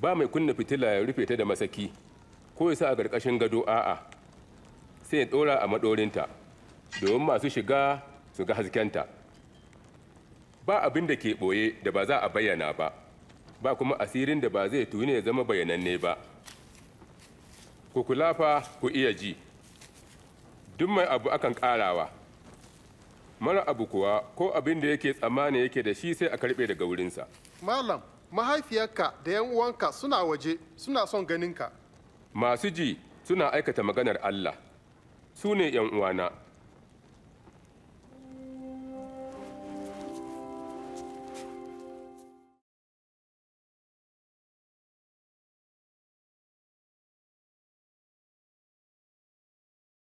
ba mai kunna fitila ya rufe ta da masaki ko ya sa a ƙarƙashin gado a'a sai ya ɗora a maɗorinta domin masu shiga su ga haskenta ba abin da ke ɓoye da ba za a bayyana ba ba kuma asirin da ba zai tuni ya zama bayananne ba ku kula fa ku iya ji duk mai abu akan ƙarawa mara abu kuwa ko abin da yake tsammani yake da shi sai a karɓe daga wurinsa malam mahaifiyarka da 'yan uwanka suna waje suna son ganinka masu ji suna aikata maganar allah su ne 'yan uwana